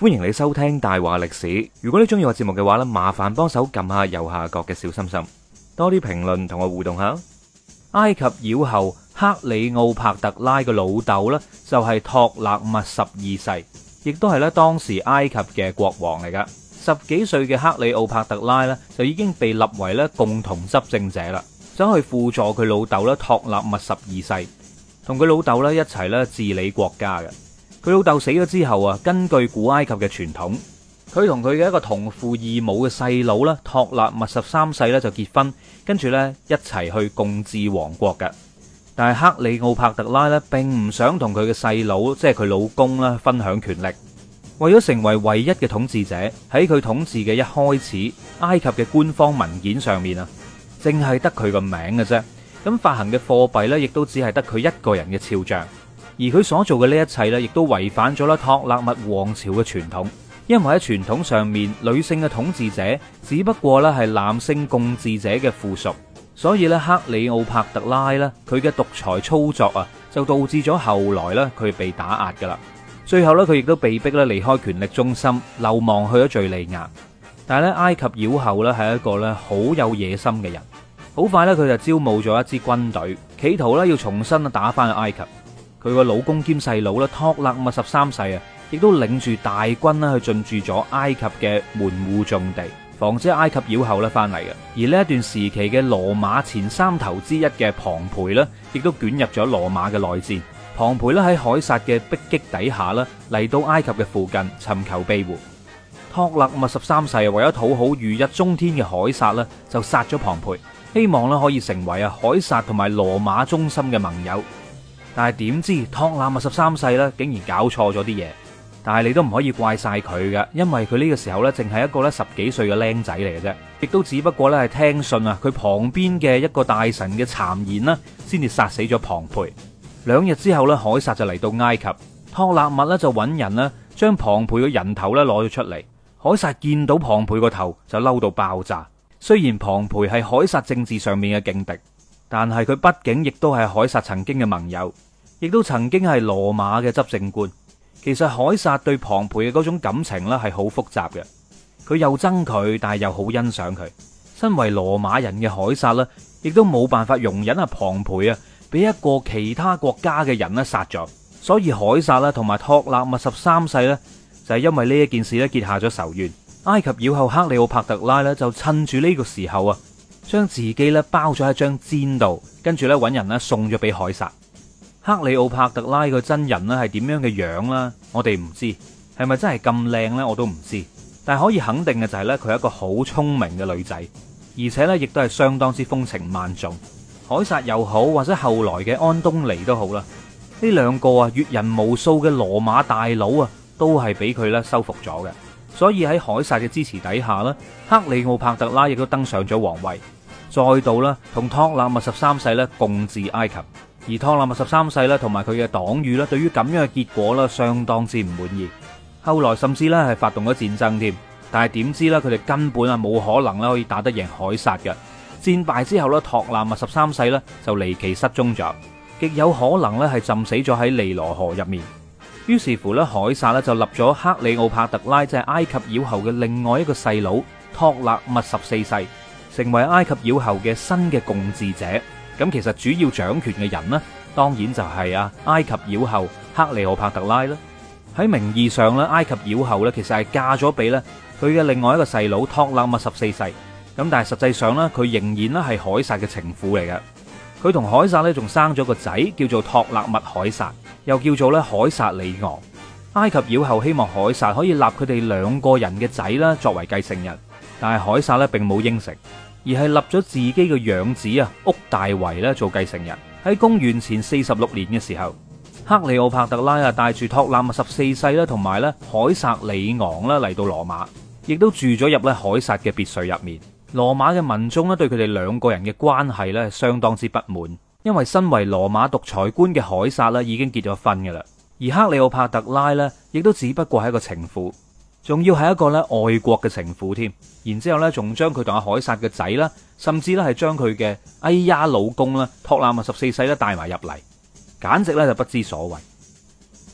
歡迎你收聽大話歷史。如果你中意我節目嘅話咧，麻煩幫手撳下右下角嘅小心心，多啲評論同我互動下。埃及妖后克里奧帕特拉嘅老豆呢，就係托勒密十二世，亦都係咧當時埃及嘅國王嚟噶。十幾歲嘅克里奧帕特拉呢，就已經被立為咧共同執政者啦，想去輔助佢老豆咧托勒密十二世，同佢老豆咧一齊咧治理國家嘅。佢老豆死咗之後啊，根據古埃及嘅傳統，佢同佢嘅一個同父異母嘅細佬啦，托勒密十三世咧就結婚，跟住咧一齊去共治王國嘅。但係克里奧帕特拉咧並唔想同佢嘅細佬即係佢老公啦分享權力，為咗成為唯一嘅統治者，喺佢統治嘅一開始，埃及嘅官方文件上面啊，淨係得佢個名嘅啫。咁發行嘅貨幣咧，亦都只係得佢一個人嘅肖像。而佢所做嘅呢一切呢，亦都違反咗啦托勒密王朝嘅傳統，因為喺傳統上面，女性嘅統治者只不過咧係男性共治者嘅附屬，所以咧克里奧帕特拉咧佢嘅獨裁操作啊，就導致咗後來咧佢被打壓噶啦。最後呢，佢亦都被逼咧離開權力中心，流亡去咗敘利亞。但係咧埃及妖后呢，係一個咧好有野心嘅人，好快呢，佢就招募咗一支軍隊，企圖咧要重新打翻埃及。佢個老公兼細佬啦，托勒密十三世啊，亦都領住大軍啦去進駐咗埃及嘅門戶重地，防止埃及妖后咧翻嚟嘅。而呢一段時期嘅羅馬前三頭之一嘅龐培咧，亦都捲入咗羅馬嘅內戰。龐培咧喺凱撒嘅逼擊底下啦，嚟到埃及嘅附近尋求庇護。托勒密十三世為咗討好如日中天嘅凱撒啦，就殺咗龐培，希望咧可以成為啊凱撒同埋羅馬忠心嘅盟友。但係點知托納密十三世咧，竟然搞錯咗啲嘢。但係你都唔可以怪晒佢嘅，因為佢呢個時候咧，淨係一個咧十幾歲嘅僆仔嚟嘅啫，亦都只不過咧係聽信啊佢旁邊嘅一個大臣嘅讒言啦，先至殺死咗龐培。兩日之後咧，凱撒就嚟到埃及，托納密咧就揾人咧將龐培嘅人頭咧攞咗出嚟。凱撒見到龐培個頭就嬲到爆炸。雖然龐培係凱撒政治上面嘅勁敵，但係佢畢竟亦都係凱撒曾經嘅盟友。亦都曾經係羅馬嘅執政官。其實凱撒對龐培嘅嗰種感情咧係好複雜嘅，佢又憎佢，但係又好欣賞佢。身為羅馬人嘅凱撒呢，亦都冇辦法容忍啊龐培啊，俾一個其他國家嘅人咧殺咗。所以凱撒啦同埋托勒密十三世呢，就係因為呢一件事咧結下咗仇怨。埃及妖后克里奧帕特拉呢，就趁住呢個時候啊，將自己咧包咗喺張氈度，跟住咧搵人咧送咗俾凱撒。克里奧帕特拉個真人咧係點樣嘅樣啦？我哋唔知係咪真係咁靚呢？我都唔知。但係可以肯定嘅就係呢，佢係一個好聰明嘅女仔，而且呢亦都係相當之風情萬種。凱撒又好，或者後來嘅安東尼都好啦，呢兩個啊閱人無數嘅羅馬大佬啊，都係俾佢咧收服咗嘅。所以喺凱撒嘅支持底下啦，克里奧帕特拉亦都登上咗皇位，再度啦同托勒密十三世咧共治埃及。而托納密十三世咧，同埋佢嘅黨羽咧，對於咁樣嘅結果咧，相當之唔滿意。後來甚至咧係發動咗戰爭添，但係點知咧，佢哋根本啊冇可能咧可以打得贏凱撒嘅。戰敗之後咧，托納密十三世咧就離奇失蹤咗，極有可能咧係浸死咗喺尼羅河入面。於是乎咧，凱撒咧就立咗克里奧帕特拉，即係埃及妖后嘅另外一個細佬托納密十四世，成為埃及妖后嘅新嘅共治者。咁其實主要掌權嘅人呢，當然就係阿埃及妖后克利俄帕特拉啦。喺名義上咧，埃及妖后咧其實係嫁咗俾咧佢嘅另外一個細佬托勒密十四世。咁但係實際上咧，佢仍然咧係凱撒嘅情婦嚟嘅。佢同凱撒咧仲生咗個仔叫做托勒密凱撒，又叫做咧凱撒里昂。埃及妖后希望凱撒可以立佢哋兩個人嘅仔咧作為繼承人，但係凱撒咧並冇應承。而係立咗自己嘅養子啊，屋大維咧做繼承人。喺公元前四十六年嘅時候，克里奧帕特拉啊帶住托勒密十四世啦同埋咧凱撒里昂啦嚟到羅馬，亦都住咗入咧凱撒嘅別墅入面。羅馬嘅民眾咧對佢哋兩個人嘅關係咧相當之不滿，因為身為羅馬獨裁官嘅凱撒啦已經結咗婚㗎啦，而克里奧帕特拉咧亦都只不過係一個情婦。仲要係一個咧外國嘅情婦添，然之後咧仲將佢同阿凱撒嘅仔啦，甚至咧係將佢嘅哎呀老公啦托拉默十四世咧帶埋入嚟，簡直咧就不知所謂。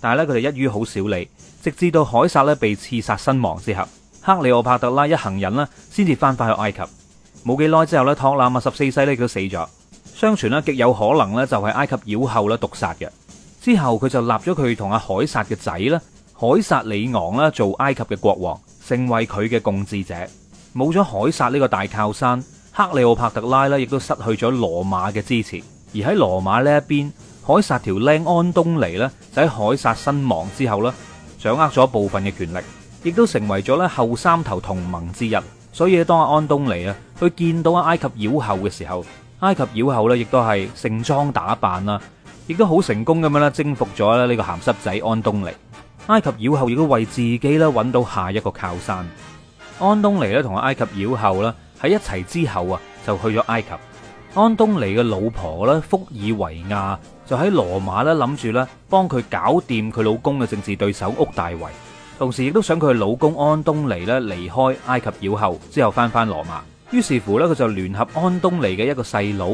但係咧佢哋一於好少理，直至到凱撒咧被刺殺身亡之後，克里奧帕特拉一行人咧先至翻返去埃及。冇幾耐之後咧，托拉默十四世咧都死咗，相傳呢極有可能呢就係埃及妖后啦毒殺嘅。之後佢就立咗佢同阿凱撒嘅仔啦。凱撒里昂啦，做埃及嘅國王，成為佢嘅共治者。冇咗凱撒呢個大靠山，克里奧帕特拉咧，亦都失去咗羅馬嘅支持。而喺羅馬呢一邊，凱撒條靚安東尼咧，就喺凱撒身亡之後咧，掌握咗部分嘅權力，亦都成為咗咧後三頭同盟之一。所以當阿安東尼啊，去見到阿埃及妖后嘅時候，埃及妖后咧，亦都係盛裝打扮啦，亦都好成功咁樣咧，征服咗呢個鹹濕仔安東尼。埃及妖后亦都為自己揾到下一個靠山。安東尼咧同阿埃及妖后啦喺一齊之後啊，就去咗埃及。安東尼嘅老婆啦，福爾維亞就喺羅馬咧諗住咧幫佢搞掂佢老公嘅政治對手屋大維，同時亦都想佢老公安東尼咧離開埃及妖后之後翻翻羅馬。於是乎咧，佢就聯合安東尼嘅一個細佬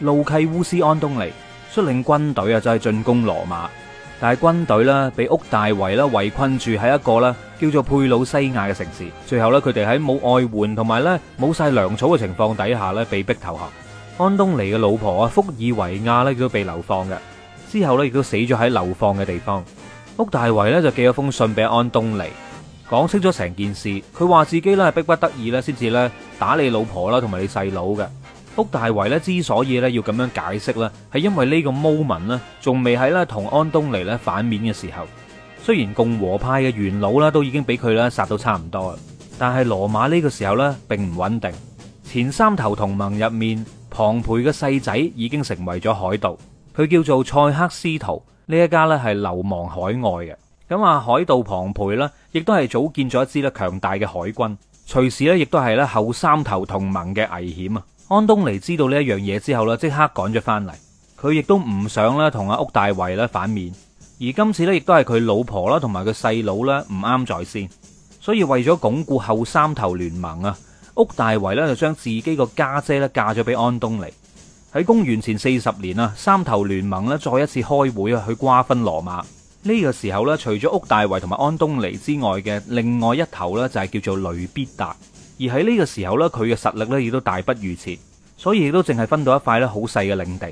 路契烏斯安東尼，率領軍隊啊，就係進攻羅馬。但係軍隊呢，俾屋大維啦圍困住喺一個呢叫做佩魯西亞嘅城市，最後呢，佢哋喺冇外援同埋呢冇晒糧草嘅情況底下呢，被逼投降。安東尼嘅老婆啊，福爾維亞呢，亦都被流放嘅，之後呢，亦都死咗喺流放嘅地方。屋大維呢，就寄咗封信俾安東尼，講清咗成件事，佢話自己呢，係逼不得已呢，先至呢打你老婆啦同埋你細佬嘅。屋大維咧之所以咧要咁樣解釋咧，係因為呢個 moment 咧仲未喺咧同安東尼咧反面嘅時候。雖然共和派嘅元老啦都已經俾佢啦殺到差唔多啦，但係羅馬呢個時候咧並唔穩定。前三頭同盟入面，龐培嘅細仔已經成為咗海盜，佢叫做塞克斯圖呢一家咧係流亡海外嘅。咁啊，海盜龐培呢，亦都係組建咗一支咧強大嘅海軍，隨時呢，亦都係咧後三頭同盟嘅危險啊。安東尼知道呢一樣嘢之後咧，即刻趕咗翻嚟。佢亦都唔想咧同阿屋大維咧反面，而今次咧亦都係佢老婆啦同埋佢細佬啦唔啱在先，所以為咗鞏固後三頭聯盟啊，屋大維咧就將自己個家姐咧嫁咗俾安東尼。喺公元前四十年啊，三頭聯盟咧再一次開會啊，去瓜分羅馬。呢個時候咧，除咗屋大維同埋安東尼之外嘅另外一頭咧就係叫做雷必達。而喺呢個時候呢，佢嘅實力呢亦都大不如前，所以亦都淨係分到一塊呢好細嘅領地。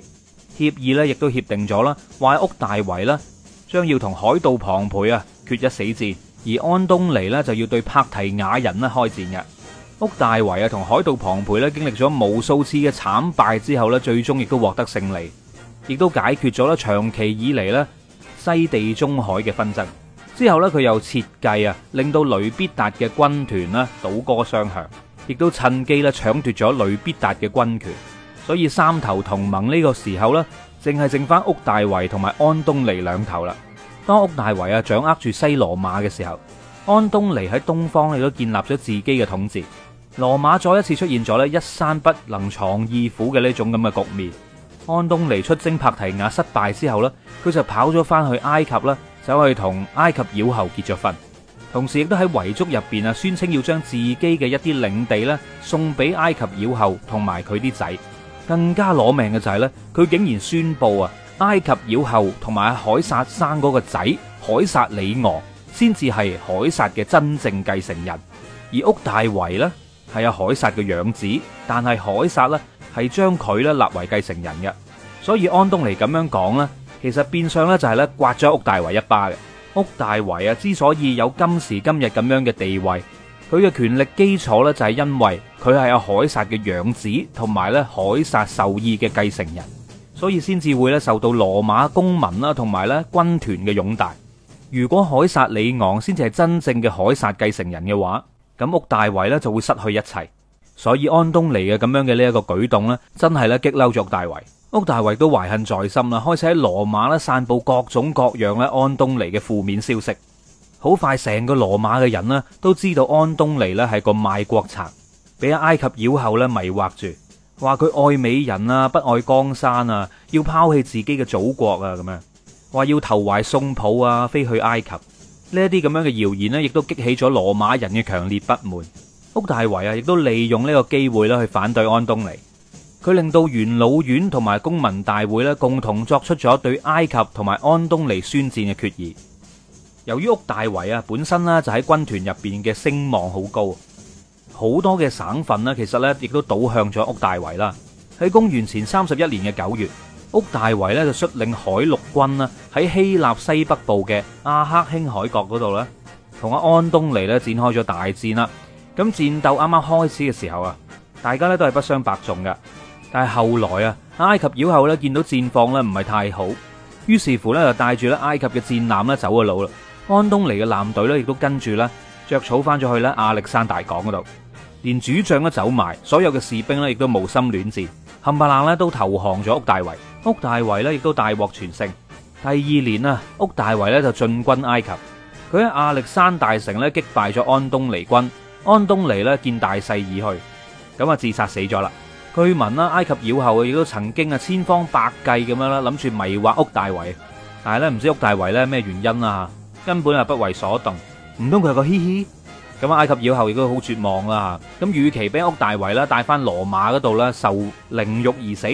協議呢亦都協定咗啦，話屋大維呢將要同海盜龐培啊決一死戰，而安東尼呢就要對帕提亞人呢開戰嘅。屋大維啊同海盜龐培呢經歷咗無數次嘅慘敗之後呢，最終亦都獲得勝利，亦都解決咗呢長期以嚟呢西地中海嘅紛爭。之後呢佢又設計啊，令到雷必達嘅軍團呢倒戈相向，亦都趁機咧搶奪咗雷必達嘅軍權。所以三頭同盟呢個時候呢，淨係剩翻屋大維同埋安東尼兩頭啦。當屋大維啊掌握住西羅馬嘅時候，安東尼喺東方亦都建立咗自己嘅統治。羅馬再一次出現咗呢一山不能藏二虎嘅呢種咁嘅局面。安東尼出征帕提亞失敗之後呢，佢就跑咗翻去埃及啦。走去同埃及妖后結咗婚，同時亦都喺遺囑入邊啊，宣稱要將自己嘅一啲領地咧送俾埃及妖后同埋佢啲仔。更加攞命嘅就係呢，佢竟然宣布啊，埃及妖后同埋凱撒生嗰個仔凱撒里俄先至係凱撒嘅真正繼承人，而屋大維呢，係阿凱撒嘅養子，但係凱撒呢，係將佢咧立為繼承人嘅。所以安東尼咁樣講咧。其實變相咧就係咧刮咗屋大維一巴嘅。屋大維啊，之所以有今時今日咁樣嘅地位，佢嘅權力基礎咧就係因為佢係阿凱撒嘅養子，同埋咧凱撒授意嘅繼承人，所以先至會咧受到羅馬公民啦同埋咧軍團嘅擁戴。如果凱撒里昂先至係真正嘅凱撒繼承人嘅話，咁屋大維咧就會失去一切。所以安東尼嘅咁樣嘅呢一個舉動咧，真係咧激嬲咗屋大維。屋大維都懷恨在心啦，開始喺羅馬咧散布各種各樣咧安東尼嘅負面消息。好快，成個羅馬嘅人咧都知道安東尼咧係個賣國賊，俾埃及妖后咧迷惑住，話佢愛美人啊，不愛江山啊，要拋棄自己嘅祖國啊，咁樣，話要投懷送抱啊，飛去埃及。呢一啲咁樣嘅謠言咧，亦都激起咗羅馬人嘅強烈不滿。屋大維啊，亦都利用呢個機會咧去反對安東尼。佢令到元老院同埋公民大會咧共同作出咗對埃及同埋安東尼宣戰嘅決議。由於屋大維啊本身呢，就喺軍團入邊嘅聲望好高，好多嘅省份呢，其實呢亦都倒向咗屋大維啦。喺公元前三十一年嘅九月，屋大維呢就率領海陸軍啦喺希臘西北部嘅阿克興海角嗰度呢，同阿安東尼呢展開咗大戰啦。咁戰鬥啱啱開始嘅時候啊，大家呢都係不相伯仲嘅。但係後來啊，埃及妖后咧，見到戰況咧，唔係太好，於是乎咧，就帶住咧埃及嘅戰艦咧，走咗佬啦。安東尼嘅艦隊呢亦都跟住咧，著草翻咗去咧亞歷山大港嗰度，連主將都走埋，所有嘅士兵呢亦都無心戀戰，冚唪唥咧都投降咗屋大維。屋大維呢亦都大獲全勝。第二年啊，屋大維呢就進軍埃及，佢喺亞歷山大城呢擊敗咗安東尼軍。安東尼呢見大勢已去，咁啊自殺死咗啦。據聞啦，埃及妖后亦都曾經啊千方百計咁樣啦，諗住迷惑屋大維，但係咧唔知屋大維咧咩原因啦，根本係不為所動。唔通佢係個嘻嘻咁啊？埃及妖后亦都好絕望啦。咁與其俾屋大維啦帶翻羅馬嗰度啦受凌辱而死，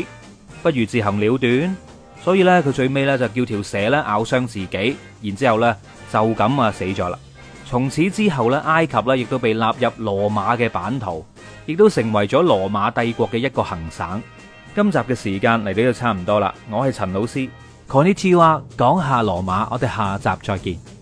不如自行了斷。所以咧，佢最尾咧就叫條蛇咧咬傷自己，然之後咧就咁啊死咗啦。從此之後咧，埃及咧亦都被納入羅馬嘅版圖。亦都成為咗羅馬帝國嘅一個行省。今集嘅時間嚟到就差唔多啦，我係陳老師，continua 講下羅馬，我哋下集再見。